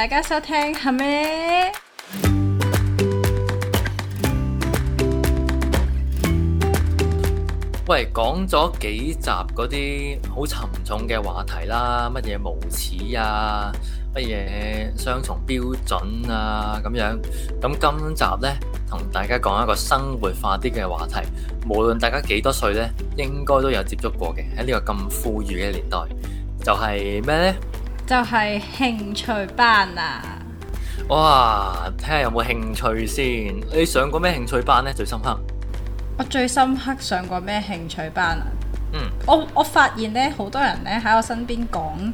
大家收聽係咩？喂，講咗幾集嗰啲好沉重嘅話題啦，乜嘢無恥啊，乜嘢雙重標準啊，咁樣。咁今集呢，同大家講一個生活化啲嘅話題。無論大家幾多歲呢，應該都有接觸過嘅。喺呢個咁富裕嘅年代，就係咩呢？就係興趣班啊！哇，睇下有冇興趣先。你上過咩興趣班呢？最深刻。我最深刻上過咩興趣班啊？嗯。我我發現咧，好多人咧喺我身邊講，誒、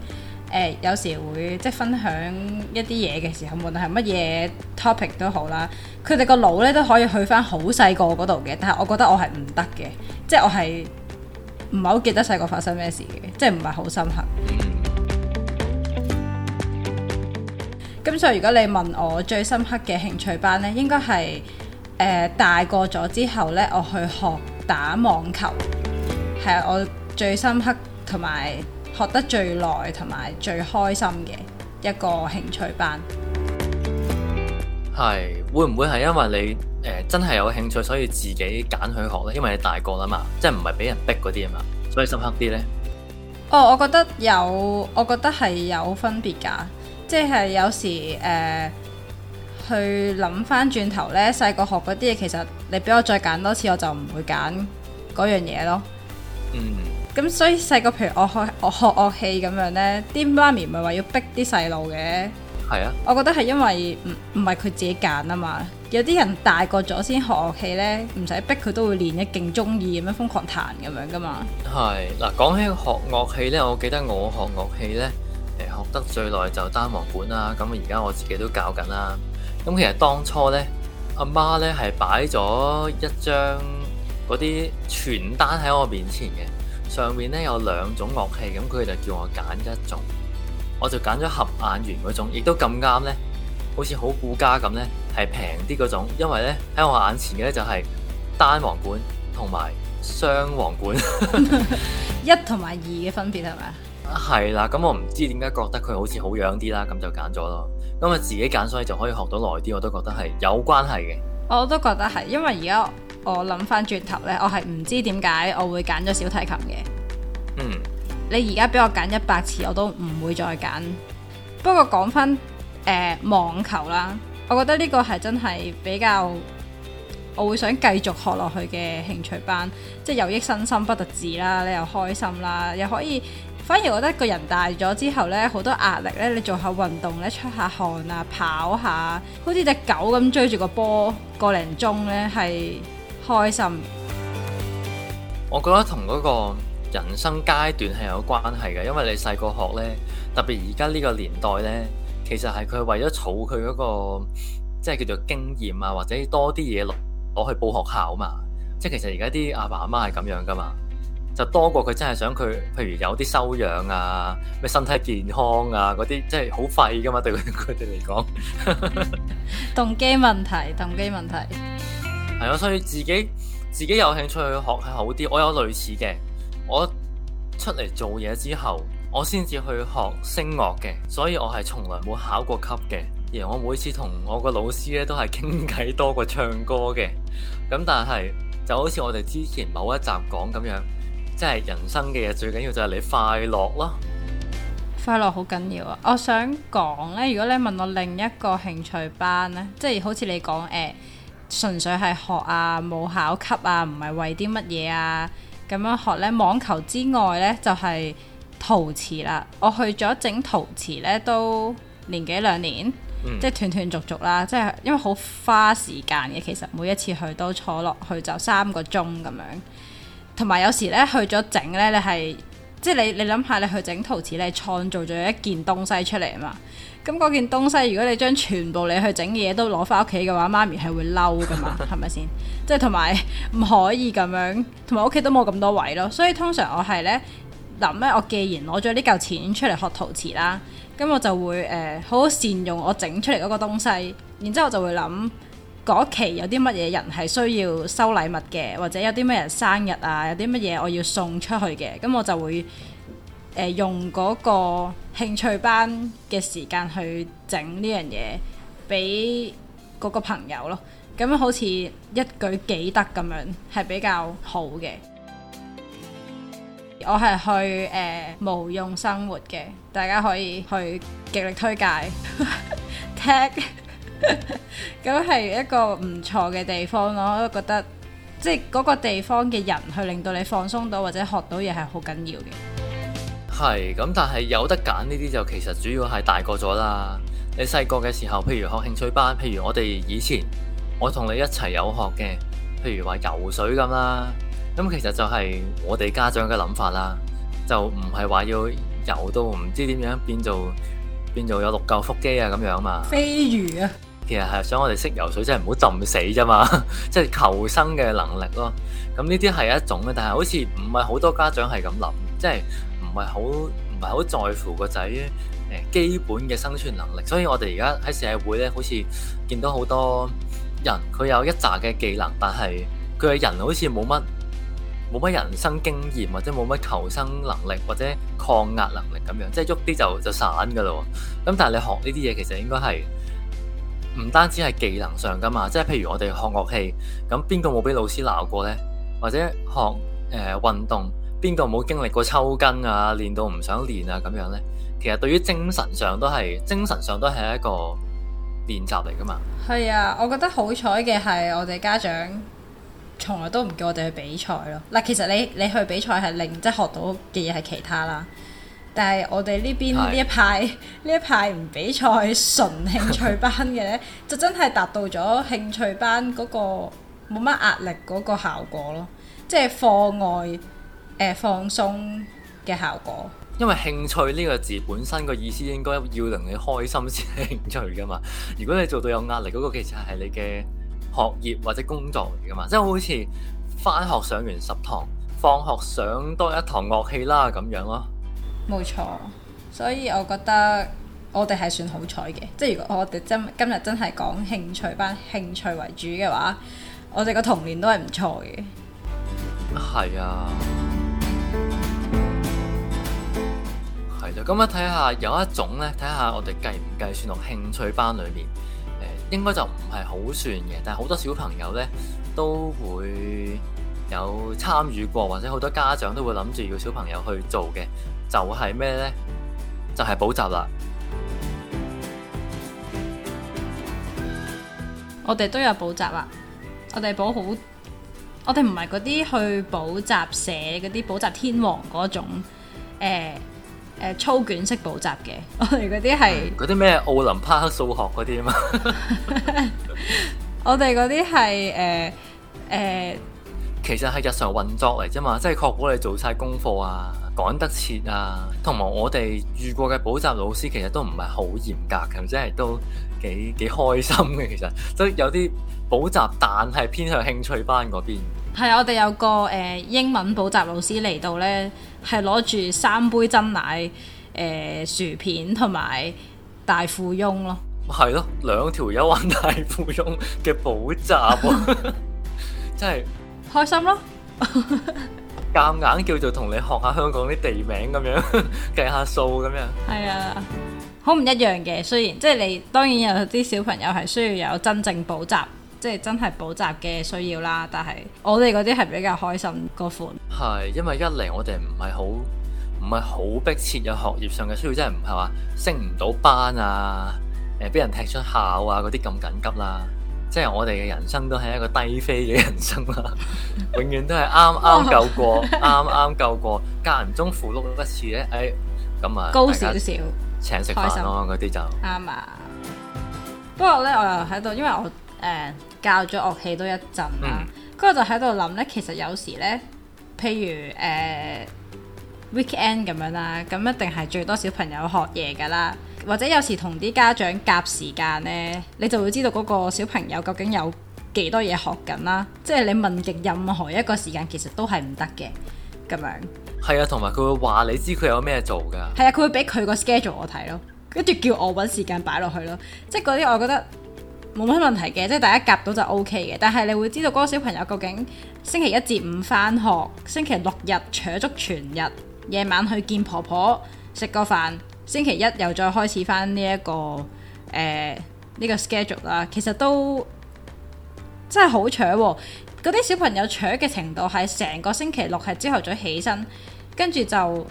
呃，有時會即係分享一啲嘢嘅時候，無論係乜嘢 topic 都好啦，佢哋個腦咧都可以去翻好細個嗰度嘅。但係我覺得我係唔得嘅，即係我係唔係好記得細個發生咩事嘅，即係唔係好深刻。嗯咁所以如果你問我最深刻嘅興趣班呢，應該係誒大個咗之後呢，我去學打網球，係我最深刻同埋學得最耐同埋最開心嘅一個興趣班。係會唔會係因爲你誒、呃、真係有興趣，所以自己揀去學呢？因爲你大個啦嘛，即係唔係俾人逼嗰啲啊嘛，所以深刻啲呢？哦，我覺得有，我覺得係有分別噶。即係有時誒、呃，去諗翻轉頭呢，細個學嗰啲嘢，其實你俾我再揀多次，我就唔會揀嗰樣嘢咯。嗯。咁所以細個譬如我學我學樂器咁樣呢，啲媽咪咪話要逼啲細路嘅。係啊。我覺得係因為唔唔係佢自己揀啊嘛，有啲人大個咗先學樂器呢，唔使逼佢都會練，一勁中意咁樣瘋狂彈咁樣噶嘛。係嗱，講起學樂器呢，我記得我學樂器呢。誒學得最耐就單簧管啦，咁而家我自己都搞緊啦。咁其實當初呢，阿媽呢係擺咗一張嗰啲傳單喺我面前嘅，上面呢有兩種樂器，咁佢就叫我揀一種，我就揀咗合眼緣嗰種，亦都咁啱呢，好似好顧家咁呢，係平啲嗰種，因為呢，喺我眼前嘅呢，就係單簧管同埋雙簧管，一同埋二嘅分別係咪？係啦，咁我唔知點解覺得佢好似好樣啲啦，咁就揀咗咯。咁我自己揀，所以就可以學到耐啲，我都覺得係有關係嘅。我都覺得係，因為而家我諗翻轉頭呢，我係唔知點解我會揀咗小提琴嘅。嗯，你而家俾我揀一百次，我都唔會再揀。不過講翻誒網球啦，我覺得呢個係真係比較。我會想繼續學落去嘅興趣班，即係有益身心、不得志啦，不特止，你又開心啦，又可以。反而覺得個人大咗之後呢，好多壓力呢，你做下運動呢，出下汗啊，跑下，好似隻狗咁追住個波個零鐘呢，係開心。我覺得同嗰個人生階段係有關係嘅，因為你細個學呢，特別而家呢個年代呢，其實係佢為咗儲佢嗰個即係叫做經驗啊，或者多啲嘢囉。我去報學校嘛，即係其實而家啲阿爸阿媽係咁樣噶嘛，就多過佢真係想佢，譬如有啲修養啊，咩身體健康啊嗰啲，即係好廢噶嘛，對佢哋嚟講， 動機問題，動機問題係 啊。所以自己自己有興趣去學係好啲。我有類似嘅，我出嚟做嘢之後，我先至去學聲樂嘅，所以我係從來冇考過級嘅。而我每次同我個老師咧，都係傾偈多過唱歌嘅，咁但係就好似我哋之前某一集講咁樣，即係人生嘅嘢，最緊要就係你快樂咯。快樂好緊要啊！我想講呢，如果你問我另一個興趣班呢，即係好似你講誒，純粹係學啊，冇考級啊，唔係為啲乜嘢啊，咁樣學呢，網球之外呢，就係陶瓷啦。我去咗整陶瓷呢，都年幾兩年，即係斷斷續續啦，即係因為好花時間嘅，其實每一次去都坐落去就三個鐘咁樣，同埋有，有時咧去咗整咧，你係即係你你諗下，你，想想你去整陶瓷，你創造咗一件東西出嚟啊嘛，咁嗰件東西如果你將全部你去整嘅嘢都攞翻屋企嘅話，媽咪係會嬲㗎嘛，係咪先？即係同埋唔可以咁樣，同埋屋企都冇咁多位咯，所以通常我係咧。諗咧，我既然攞咗呢嚿錢出嚟學陶瓷啦，咁我就會誒、呃、好好善用我整出嚟嗰個東西。然之後我就會諗嗰期有啲乜嘢人係需要收禮物嘅，或者有啲乜人生日啊，有啲乜嘢我要送出去嘅，咁我就會誒、呃、用嗰個興趣班嘅時間去整呢樣嘢俾嗰個朋友咯。咁好似一舉幾得咁樣，係比較好嘅。我係去誒、呃、無用生活嘅，大家可以去極力推介，tag 咁係一個唔錯嘅地方咯。我都覺得即係嗰個地方嘅人去令到你放鬆到或者學到嘢係好緊要嘅。係咁，但係有得揀呢啲就其實主要係大個咗啦。你細個嘅時候，譬如學興趣班，譬如我哋以前我同你一齊有學嘅，譬如話游水咁啦。咁、嗯、其實就係我哋家長嘅諗法啦，就唔係話要游到唔知點樣變做變做有六嚿腹肌啊咁樣嘛。飛魚啊，其實係想我哋識游水，真係唔好浸死啫嘛，即 係求生嘅能力咯。咁呢啲係一種嘅，但係好似唔係好多家長係咁諗，即係唔係好唔係好在乎個仔基本嘅生存能力。所以我哋而家喺社會咧，好似見到好多人，佢有一紮嘅技能，但係佢嘅人好似冇乜。冇乜人生經驗，或者冇乜求生能力或者抗壓能力咁樣，即係喐啲就就散噶啦喎。咁但係你學呢啲嘢其實應該係唔單止係技能上噶嘛，即係譬如我哋學樂器，咁邊個冇俾老師鬧過呢？或者學，誒、呃、運動，邊個冇經歷過抽筋啊、練到唔想練啊咁樣呢，其實對於精神上都係精神上都係一個練習嚟噶嘛。係啊，我覺得好彩嘅係我哋家長。從來都唔叫我哋去比賽咯。嗱，其實你你去比賽係令即係學到嘅嘢係其他啦。但係我哋呢邊呢一派呢是一派唔比賽純興趣班嘅咧， 就真係達到咗興趣班嗰個冇乜壓力嗰個效果咯。即係課外誒、呃、放鬆嘅效果。因為興趣呢個字本身個意思應該要令你開心先興趣噶嘛。如果你做到有壓力，嗰、嗰個其實係你嘅學業或者工作嚟噶嘛，即係好似翻學上完十堂，放學上多一堂樂器啦咁樣咯。冇錯，所以我覺得我哋係算好彩嘅，即係如果我哋今今日真係講興趣班、興趣為主嘅話，我哋個童年都係唔錯嘅。係啊，係啊，咁啊睇下有一種呢，睇下我哋計唔計算落興趣班裏面。應該就唔係好算嘅，但係好多小朋友呢，都會有參與過，或者好多家長都會諗住要小朋友去做嘅，就係咩呢？就係補習啦！我哋都有補習啊！我哋補好，我哋唔係嗰啲去補習社嗰啲補習天王嗰種、呃誒，操卷式補習嘅，我哋嗰啲係嗰啲咩奧林匹克數學嗰啲啊嘛， 我哋嗰啲係誒誒，呃呃、其實係日常運作嚟啫嘛，即係確保你做晒功課啊，趕得切啊，同埋我哋遇過嘅補習老師其實都唔係好嚴格嘅，即係都幾幾開心嘅，其實，所以有啲補習但係偏向興趣班嗰邊。係我哋有個誒、呃、英文補習老師嚟到呢係攞住三杯真奶誒、呃、薯片同埋大富翁咯。係咯、哦，兩條友玩大富翁嘅補習， 真係是 開心咯。夾 硬，硬叫做同你學下香港啲地名咁樣， 計下數咁樣。係啊，好唔一樣嘅。雖然即係你當然有啲小朋友係需要有真正補習。即係真係補習嘅需要啦，但係我哋嗰啲係比較開心嗰款。係因為一嚟我哋唔係好唔係好迫切有學業上嘅需要，即係唔係話升唔到班啊，誒俾人踢出校啊嗰啲咁緊急啦。即係我哋嘅人生都係一個低飛嘅人生啦， 永遠都係啱啱夠過，啱啱哇 夠過， 間唔中扶碌一次咧，誒、哎、咁啊，高少少請食飯咯嗰啲就啱啊。不過咧，我又喺度，因為我。誒，uh, 教咗樂器都一陣啦，嗰個、嗯、就喺度諗咧。其實有時咧，譬如誒、uh, weekend 咁樣啦，咁一定係最多小朋友學嘢噶啦。或者有時同啲家長夾時間咧，你就會知道嗰個小朋友究竟有幾多嘢學緊啦。即係你問極任何一個時間，其實都係唔得嘅咁樣。係啊，同埋佢會話你知佢有咩做噶。係啊，佢會俾佢個 schedule 我睇咯，跟住叫我搵時間擺落去咯。即係嗰啲，我覺得。冇乜問題嘅，即係大家夾到就 OK 嘅。但係你會知道嗰個小朋友究竟星期一至五返學，星期六日扯足全日，夜晚去見婆婆食個飯，星期一又再開始返呢一個誒呢、呃呢個 schedule 啦。其實都真係好扯喎、啊，嗰啲小朋友扯嘅程度係成個星期六係朝頭早起身，跟住就，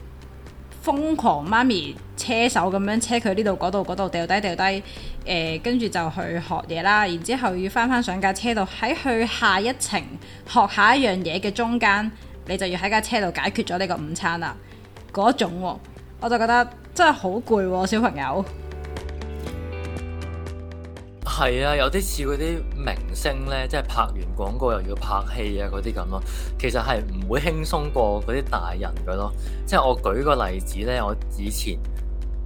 瘋狂媽咪車手咁樣車佢呢度嗰度嗰度掉低掉低，誒跟住就去學嘢啦，然之後要返返上架車度喺去下一程學下一樣嘢嘅中間，你就要喺架車度解決咗呢個午餐啦，嗰種喎、哦，我就覺得真係好攰喎，小朋友。係啊，有啲似嗰啲明星呢，即係拍完廣告又要拍戲啊，嗰啲咁咯。其實係唔會輕鬆過嗰啲大人嘅咯。即係我舉個例子呢，我以前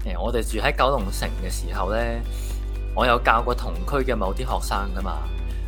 誒我哋住喺九龍城嘅時候呢，我有教過同區嘅某啲學生噶嘛。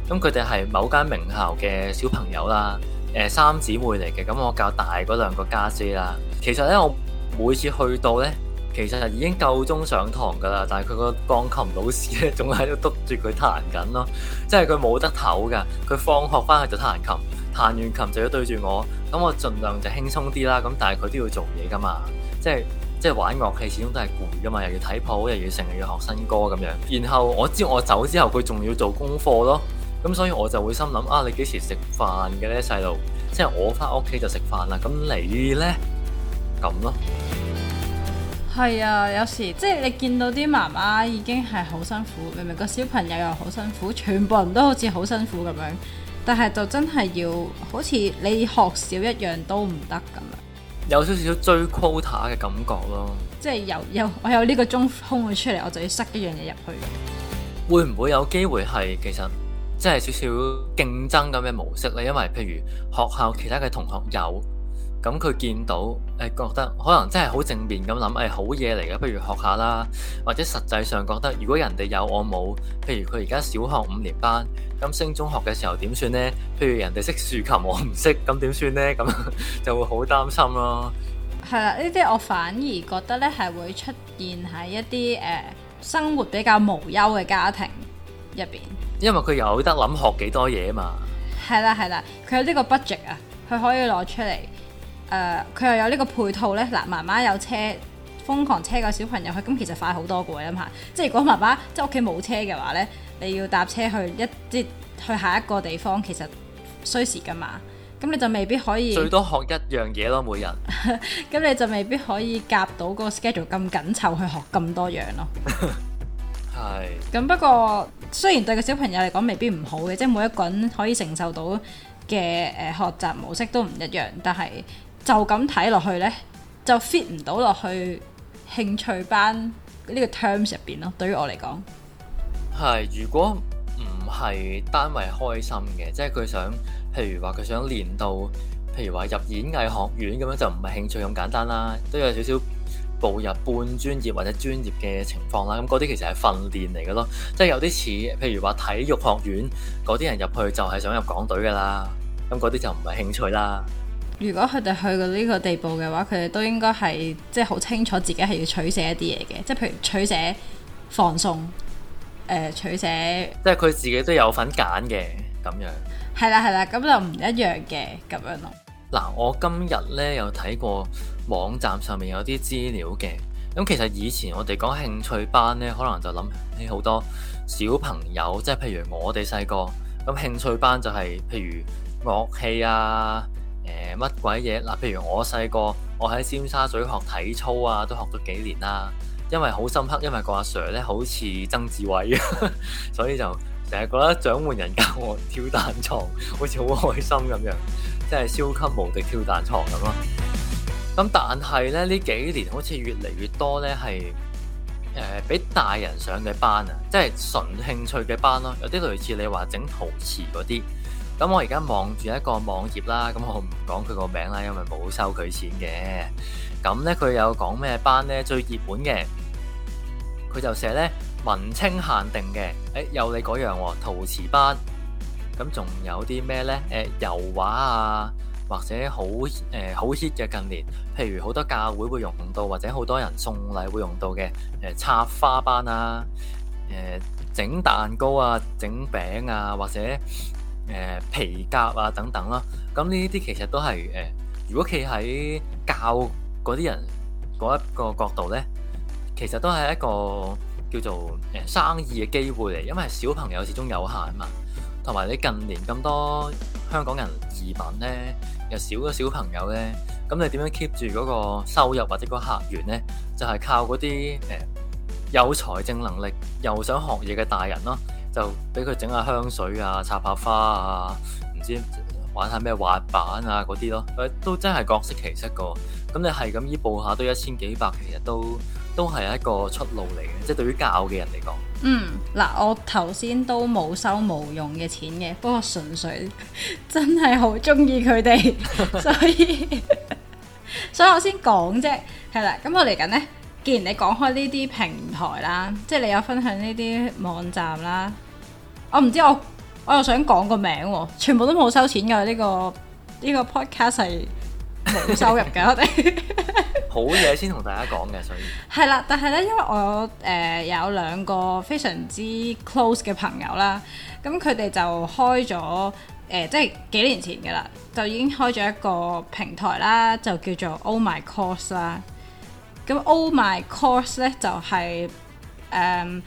咁佢哋係某間名校嘅小朋友啦，誒三姊妹嚟嘅。咁我教大嗰兩個家姐啦。其實呢，我每次去到呢，其實已經夠鐘上堂噶啦，但係佢個鋼琴老師咧，仲喺度督住佢彈緊咯。即係佢冇得唞噶，佢放學翻去就彈琴，彈完琴就要對住我，咁我盡量就輕鬆啲啦。咁但係佢都要做嘢噶嘛，即係即係玩樂器始終都係攰噶嘛，又要睇譜，又要成日要學新歌咁樣。然後我知我走之後，佢仲要做功課咯。咁所以我就會心諗啊，你幾時食飯嘅咧，細路？即係我翻屋企就食飯啦。咁你呢？咁咯。係啊，有時即係你見到啲媽媽已經係好辛苦，明明個小朋友又好辛苦，全部人都好似好辛苦咁樣。但係就真係要好似你學少一樣都唔得咁樣。有少少少追 quota 嘅感覺咯，即係有有我有呢個鐘空咗出嚟，我就要塞一樣嘢入去。會唔會有機會係其實即係少少競爭咁嘅模式咧？因為譬如學校其他嘅同學有。咁佢見到誒、哎，覺得可能真係好正面咁諗，誒、哎、好嘢嚟嘅。不如學下啦。或者實際上覺得，如果人哋有我冇，譬如佢而家小學五年班，咁升中學嘅時候點算呢？譬如人哋識豎琴，我唔識，咁點算呢？咁就會好擔心咯。係啦，呢啲我反而覺得咧，係會出現喺一啲誒、呃、生活比較無憂嘅家庭入邊。因為佢有得諗學幾多嘢啊嘛。係啦係啦，佢有呢個 budget 啊，佢可以攞出嚟。誒，佢、呃、又有呢個配套呢。嗱，媽媽有車，瘋狂車個小朋友去，咁其實快好多嘅。因為吓，即係如果媽媽即係屋企冇車嘅話呢，你要搭車去一即去下一個地方，其實需時噶嘛。咁你就未必可以最多學一樣嘢咯，每人。咁 你就未必可以夾到個 schedule 咁緊湊去學咁多樣咯。係 是。咁不過雖然對個小朋友嚟講未必唔好嘅，即係每一個人可以承受到嘅誒學習模式都唔一樣，但係。就咁睇落去呢，就 fit 唔到落去興趣班呢個 terms 入邊咯。對於我嚟講，係如果唔係單為開心嘅，即係佢想，譬如話佢想練到，譬如話入演藝學院咁樣，就唔係興趣咁簡單啦。都有少少步入半專業或者專業嘅情況啦。咁嗰啲其實係訓練嚟嘅咯，即係有啲似譬如話體育學院嗰啲人入去就係想入港隊噶啦。咁嗰啲就唔係興趣啦。如果佢哋去到呢個地步嘅話，佢哋都應該係即係好清楚自己係要取捨一啲嘢嘅，即係譬如取捨放鬆，誒、呃、取捨，即係佢自己都有份揀嘅咁樣。係啦，係 啦，咁就唔一樣嘅咁樣咯。嗱，我今日咧有睇過網站上面有啲資料嘅，咁其實以前我哋講興趣班咧，可能就諗起好多小朋友，即係譬如我哋細個咁興趣班就係譬如樂器啊。誒，乜鬼嘢嗱？譬、啊、如我細個，我喺尖沙咀學體操啊，都學咗幾年啦。因為好深刻，因為個阿 Sir 咧好似曾志偉啊， 所以就成日覺得獎門人教我跳彈床，好似好開心咁樣，即係超級無敵跳彈床咁咯。咁但係咧呢幾年，好似越嚟越多咧係誒，俾、呃、大人上嘅班啊，即係純興趣嘅班咯、啊，有啲類似你話整陶瓷嗰啲。咁我而家望住一個網頁啦，咁我唔講佢個名啦，因為冇收佢錢嘅。咁呢，佢有講咩班呢？最熱門嘅，佢就寫呢：「文青限定嘅。誒、哎，有你嗰樣、哦、陶瓷班，咁仲有啲咩呢？誒、呃，油畫啊，或者好誒好、呃、hit 嘅近年，譬如好多教會會用到，或者好多人送禮會用到嘅、呃、插花班啊，誒、呃、整蛋糕啊，整餅啊，或者。誒、呃、皮夾啊等等啦，咁呢啲其實都係誒、呃，如果企喺教嗰啲人嗰一個角度呢，其實都係一個叫做誒、呃、生意嘅機會嚟，因為小朋友始終有限嘛，同埋你近年咁多香港人移民呢，又少咗小朋友呢，咁你點樣 keep 住嗰個收入或者嗰個客源呢？就係、是、靠嗰啲誒有財政能力又想學嘢嘅大人咯。就俾佢整下香水啊、插下花啊，唔知玩下咩滑板啊嗰啲咯，誒都真係各式其式個。咁你係咁依步下都一千幾百，其實都都係一個出路嚟嘅，即係對於教嘅人嚟講。嗯，嗱，我頭先都冇收冇用嘅錢嘅，不過純粹真係好鍾意佢哋， 所以所以我先講啫。係啦，咁我嚟緊咧。既然你講開呢啲平台啦，即係你有分享呢啲網站啦，我唔知我我又想講個名喎，全部都冇收錢㗎，呢個呢個 podcast 係冇收入㗎，我哋 好嘢先同大家講嘅，所以係啦，但係呢，因為我誒有、呃、有兩個非常之 close 嘅朋友啦，咁佢哋就開咗誒、呃、即係幾年前㗎啦，就已經開咗一個平台啦，就叫做 Oh My Course 啦。咁 Oh my course 咧就係、是、誒、嗯，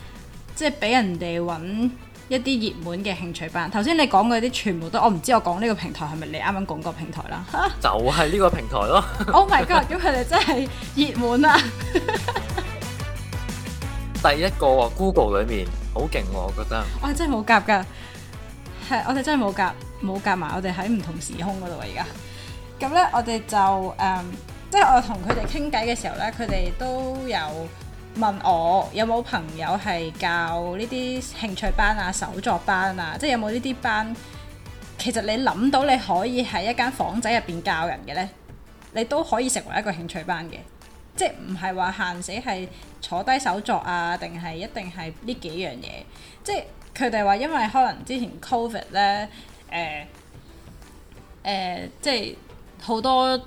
即係俾人哋搵一啲熱門嘅興趣班。頭先你講嗰啲全部都，我唔知我講呢個平台係咪你啱啱講個平台啦？ 就係呢個平台咯。Oh my god！咁佢哋真係熱門啊 ！第一個 Google 裏面好勁、啊，我覺得我哋真係冇夾噶，係我哋真係冇夾冇夾埋，我哋喺唔同時空嗰度啊！而家咁咧，我哋就誒。嗯即係我同佢哋傾偈嘅時候呢，佢哋都有問我有冇朋友係教呢啲興趣班啊、手作班啊，即係有冇呢啲班。其實你諗到你可以喺一間房仔入邊教人嘅呢，你都可以成為一個興趣班嘅，即係唔係話限死係坐低手作啊，定係一定係呢幾樣嘢。即係佢哋話，因為可能之前 Covid 咧，誒、呃、誒、呃，即係好多。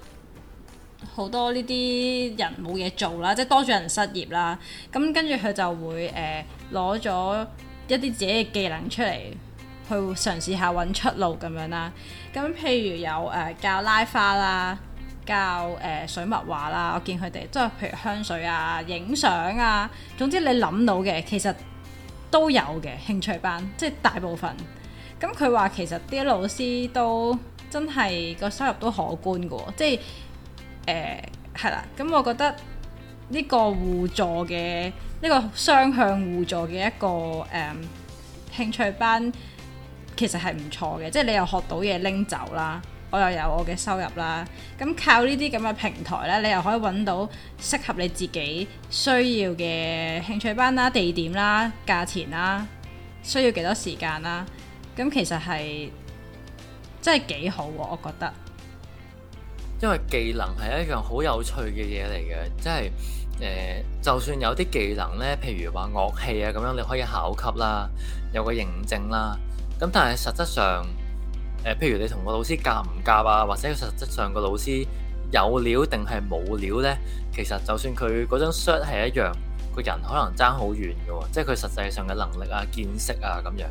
好多呢啲人冇嘢做啦，即係多咗人失業啦。咁跟住佢就會誒攞咗一啲自己嘅技能出嚟，去嘗試下揾出路咁樣啦。咁譬如有誒、呃、教拉花啦，教誒、呃、水墨畫啦。我見佢哋即係譬如香水啊、影相啊，總之你諗到嘅其實都有嘅興趣班，即係大部分。咁佢話其實啲老師都真係個收入都可觀嘅喎，即係。誒，係啦，嗯，咁我覺得呢個互助嘅，呢、呢個雙向互助嘅一個誒、嗯、興趣班，其實係唔錯嘅，即係你又學到嘢拎走啦，我又有我嘅收入啦，咁靠呢啲咁嘅平台呢，你又可以揾到適合你自己需要嘅興趣班啦、地點啦、價錢啦、需要幾多時間啦，咁其實係真係幾好，啊，我覺得。因為技能係一樣好有趣嘅嘢嚟嘅，即係誒，就算有啲技能咧，譬如話樂器啊咁樣，你可以考級啦，有個認證啦。咁但係實質上，誒、呃，譬如你同個老師夾唔夾啊，或者實質上個老師有料定係冇料咧。其實就算佢嗰張 cert 係一樣，個人可能爭好遠㗎喎，即係佢實際上嘅能力啊、見識啊咁樣。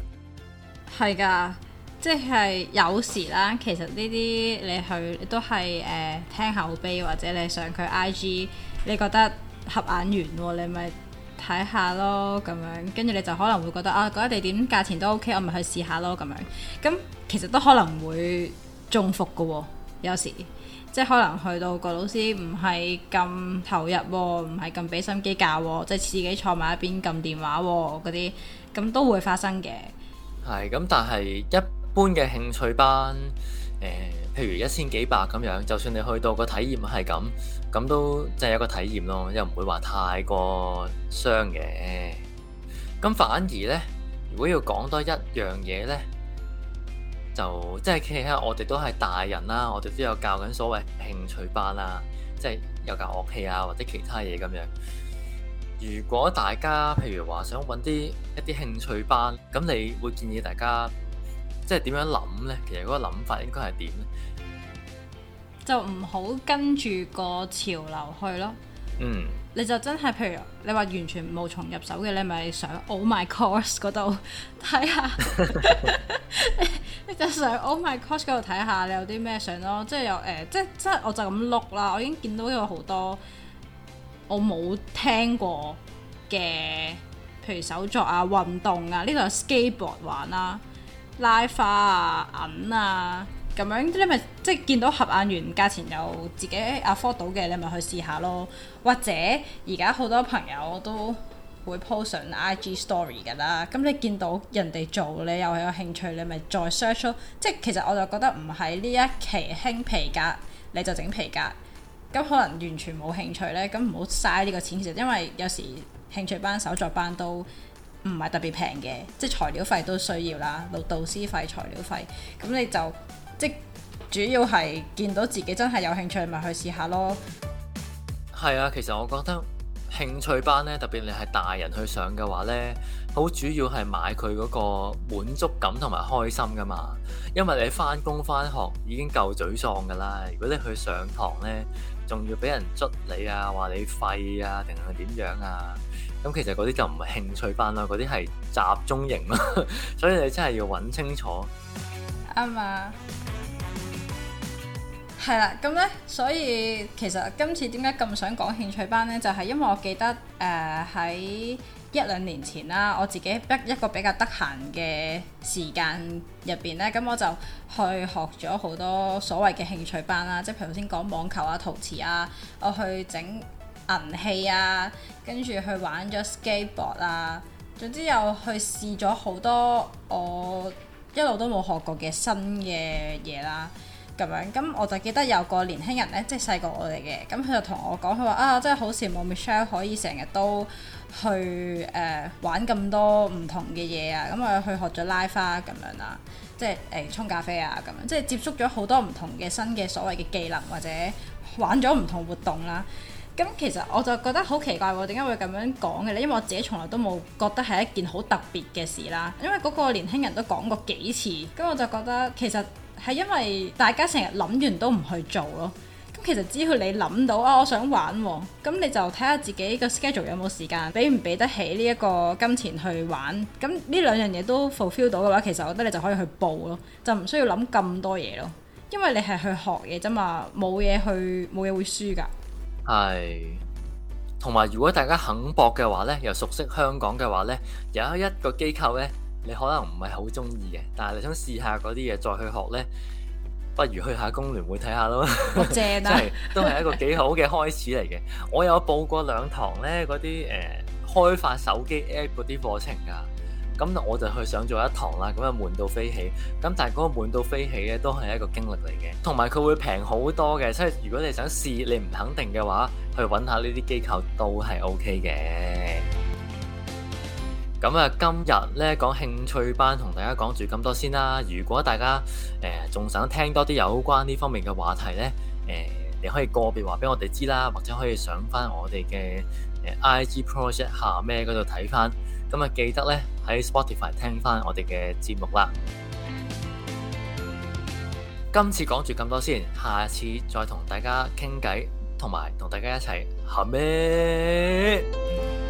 係㗎。即係有時啦，其實呢啲你去你都係誒、呃、聽口碑或者你上佢 IG，你覺得合眼緣、哦，你咪睇下咯咁樣。跟住你就可能會覺得啊，嗰、那、啲、個、地點價錢都 OK，我咪去試下咯咁樣。咁其實都可能會中伏㗎喎，有時即係可能去到個老師唔係咁投入，唔係咁俾心機教，即係自己坐埋一邊撳電話嗰啲，咁都會發生嘅。係咁，但係一般嘅興趣班，誒、呃，譬如一千幾百咁樣，就算你去到個體驗係咁，咁都即係有個體驗咯，又唔會話太過傷嘅。咁反而呢，如果要講多一樣嘢呢，就即係其實我哋都係大人啦、啊，我哋都有教緊所謂興趣班啊，即係有教樂器啊或者其他嘢咁樣。如果大家譬如話想揾啲一啲興趣班，咁你會建議大家？即係點樣諗呢？其實嗰個諗法應該係點呢？就唔好跟住個潮流去咯。嗯，你就真係譬如你話完全無從入手嘅，你咪上 Oh My Course 嗰度睇下。你就上 o、oh、Oh My Course 嗰度睇下，你有啲咩想咯？即係有誒、呃，即係即係我就咁碌啦。我已經見到有好多我冇聽過嘅，譬如手作啊、運動啊，呢個 Skateboard 玩啦、啊。拉花啊、銀啊咁樣，你咪即係見到合眼緣價錢又自己 afford 到嘅，你咪去試下咯。或者而家好多朋友都會 post 上 IG story 噶啦，咁你見到人哋做，你又係有興趣，你咪再 search 咯。即係其實我就覺得唔係呢一期興皮革，你就整皮革咁，可能完全冇興趣咧，咁唔好嘥呢個錢。其實因為有時興趣班、手作班都，唔係特別平嘅，即係材料費都需要啦，導師費、材料費，咁你就即主要係見到自己真係有興趣，咪去試下咯。係啊，其實我覺得興趣班呢，特別你係大人去上嘅話呢，好主要係買佢嗰個滿足感同埋開心噶嘛。因為你翻工翻學已經夠沮喪噶啦，如果你去上堂呢，仲要俾人捽你啊，話你廢啊，定係點樣啊？咁其實嗰啲就唔係興趣班啦，嗰啲係集中營咯， 所以你真係要揾清楚吧，啱嘛？係啦，咁呢，所以其實今次點解咁想講興趣班呢？就係、是、因為我記得誒喺、呃、一兩年前啦，我自己一一個比較得閒嘅時間入邊呢，咁我就去學咗好多所謂嘅興趣班啦，即係譬如頭先講網球啊、陶瓷啊，我去整銀器啊，跟住去玩咗 skateboard 啊，總之又去試咗好多我一路都冇學過嘅新嘅嘢啦。咁樣咁我就記得有個年輕人咧，即係細過我哋嘅，咁佢就同我講，佢話啊，真係好羨慕 Michelle 可以成日都去誒、呃、玩咁多唔同嘅嘢啊。咁啊，去學咗拉花咁樣啦，即係誒、欸、沖咖啡啊，咁樣即係接觸咗好多唔同嘅新嘅所謂嘅技能或者玩咗唔同活動啦。咁其實我就覺得好奇怪喎，點解會咁樣講嘅咧？因為我自己從來都冇覺得係一件好特別嘅事啦。因為嗰個年輕人都講過幾次，咁我就覺得其實係因為大家成日諗完都唔去做咯。咁其實只要你諗到啊，我想玩，咁你就睇下自己個 schedule 有冇時間，俾唔俾得起呢一個金錢去玩。咁呢兩樣嘢都 fulfill 到嘅話，其實我覺得你就可以去報咯，就唔需要諗咁多嘢咯。因為你係去學嘢啫嘛，冇嘢去冇嘢會輸㗎。係，同埋如果大家肯搏嘅話呢，又熟悉香港嘅話呢，有一一個機構呢，你可能唔係好中意嘅，但係你想試下嗰啲嘢，再去學呢，不如去下工聯會睇下咯，正 係都係一個幾好嘅開始嚟嘅。 我有報過兩堂呢嗰啲，誒開發手機 app 嗰啲課程噶。咁我就去上咗一堂啦，咁啊悶到飛起，咁但係嗰個悶到飛起咧都係一個經歷嚟嘅，同埋佢會平好多嘅，即係如果你想試，你唔肯定嘅話，去揾下呢啲機構都係 O K 嘅。咁啊， 今日咧講興趣班，同大家講住咁多先啦。如果大家誒仲、呃、想聽多啲有關呢方面嘅話題咧，誒、呃、你可以個別話俾我哋知啦，或者可以上翻我哋嘅誒 I G project 下咩嗰度睇翻。咁啊，記得咧喺 Spotify 聽翻我哋嘅節目啦！ 今次講住咁多先，下次再同大家傾偈，同埋同大家一齊合咩？